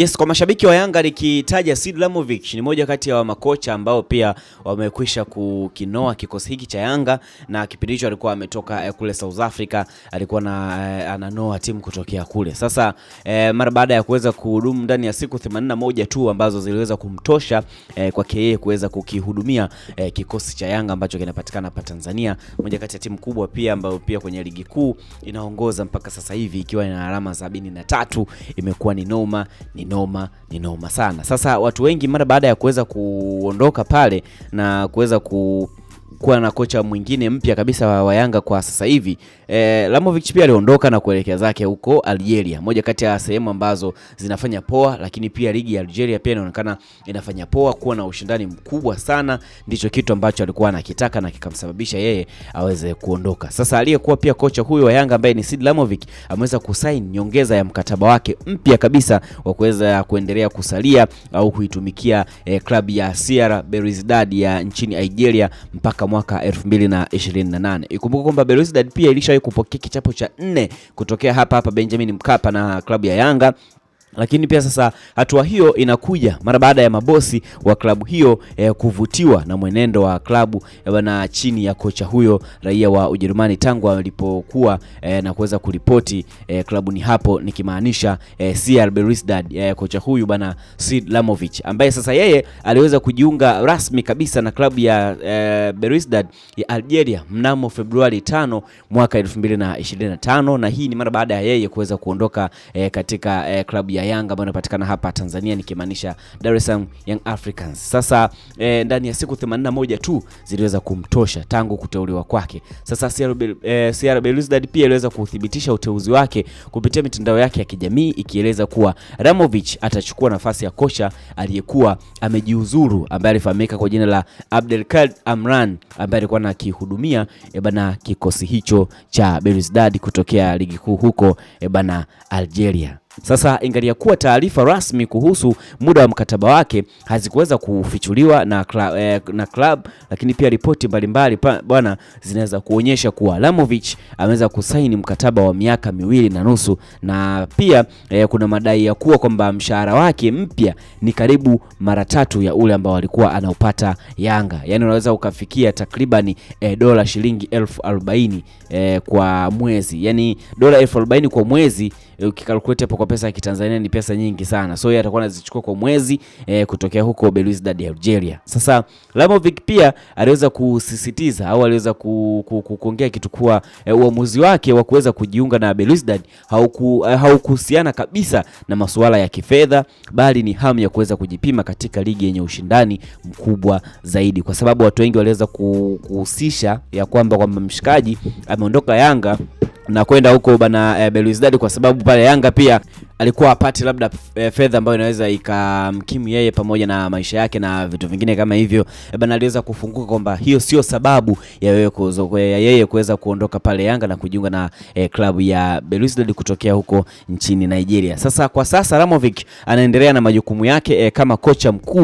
Yes, kwa mashabiki wa Yanga nikitaja Lamovic ni moja kati ya wa makocha ambao pia wamekwisha kukinoa kikosi hiki cha Yanga, na kipindi hicho alikuwa ametoka eh, kule South Africa, alikuwa na, eh, ananoa timu kutokea kule. Sasa eh, mara baada ya kuweza kuhudumu ndani ya siku 81 tu ambazo ziliweza kumtosha eh, kwake yeye kuweza kukihudumia eh, kikosi cha Yanga ambacho kinapatikana hapa Tanzania, moja kati ya timu kubwa pia ambayo pia kwenye ligi kuu inaongoza mpaka sasa hivi ikiwa ina alama 73, Imekuwa ni noma ni noma, ni noma sana. Sasa watu wengi mara baada ya kuweza kuondoka pale na kuweza ku kuwa na kocha mwingine mpya kabisa wa Yanga kwa sasa hivi. E, Lamovic pia aliondoka na kuelekea zake huko Algeria, moja kati ya sehemu ambazo zinafanya poa, lakini pia ligi ya Algeria pia inaonekana inafanya poa, kuwa na ushindani mkubwa sana, ndicho kitu ambacho alikuwa anakitaka na kikamsababisha yeye aweze kuondoka. Sasa aliyekuwa pia kocha huyo wa Yanga ambaye ni Sid Lamovic ameweza kusain nyongeza ya mkataba wake mpya kabisa wa kuweza kuendelea kusalia au kuitumikia e, eh, klabu ya CR Belouizdad ya nchini Algeria mpaka mwaka 2028. Ikumbuka kwamba Belouizdad pia ilishawahi kupokea kichapo cha nne kutokea hapa hapa Benjamin Mkapa na klabu ya Yanga lakini pia sasa hatua hiyo inakuja mara baada ya mabosi wa klabu hiyo eh, kuvutiwa na mwenendo wa klabu eh, na chini ya kocha huyo raia wa Ujerumani tangu alipokuwa eh, na kuweza kuripoti eh, klabuni hapo nikimaanisha eh, CR Belouizdad eh, kocha huyu bana Sid Lamovic ambaye sasa yeye aliweza kujiunga rasmi kabisa na klabu ya eh, Belouizdad ya Algeria mnamo Februari 5 mwaka 2025 na hii ni mara baada ya yeye kuweza kuondoka eh, katika eh, klabu ya ya Yanga ambayo inapatikana hapa Tanzania, nikimaanisha Dar es Salaam Young Africans. Sasa eh, ndani ya siku 81 tu ziliweza kumtosha tangu kuteuliwa kwake. Sasa CRB, CRB Belouizdad eh, pia iliweza kuthibitisha uteuzi wake kupitia mitandao yake ya kijamii ikieleza kuwa Ramovich atachukua nafasi ya kocha aliyekuwa amejiuzuru ambaye alifahamika kwa jina la Abdelkad Amran ambaye alikuwa anakihudumia eh, bana kikosi hicho cha Belouizdad kutokea ligi kuu huko eh, bana Algeria. Sasa ingalia kuwa taarifa rasmi kuhusu muda wa mkataba wake hazikuweza kufichuliwa na club, eh, na club, lakini pia ripoti mbalimbali bwana zinaweza kuonyesha kuwa Lamovich ameweza kusaini mkataba wa miaka miwili na nusu na pia eh, kuna madai ya kuwa kwamba mshahara wake mpya ni karibu mara tatu ya ule ambao alikuwa anaupata Yanga, yaani unaweza ukafikia takriban eh, dola shilingi elfu arobaini eh, kwa mwezi, yaani dola elfu arobaini kwa mwezi ukikalkulate hapo kwa pesa ya Kitanzania ni pesa nyingi sana, so yeye atakuwa anazichukua kwa mwezi e, kutokea huko Belouizdad ya Algeria. Sasa Lamovic pia aliweza kusisitiza au aliweza kuongea kitu kuwa e, uamuzi wake wa kuweza kujiunga na Belouizdad eh, haukuhusiana hauku kabisa na masuala ya kifedha, bali ni hamu ya kuweza kujipima katika ligi yenye ushindani mkubwa zaidi, kwa sababu watu wengi waliweza kuhusisha ya kwamba kwamba mshikaji ameondoka Yanga na kwenda huko bana e, Belouizdad kwa sababu pale Yanga pia alikuwa apati labda e, fedha ambayo inaweza ikamkimu yeye pamoja na maisha yake na vitu vingine kama hivyo e, bana aliweza kufunguka kwamba hiyo sio sababu ya yeye yeye kuweza kuondoka pale Yanga na kujiunga na e, klabu ya Belouizdad kutokea huko nchini Nigeria. Sasa kwa sasa Ramovic anaendelea na majukumu yake e, kama kocha mkuu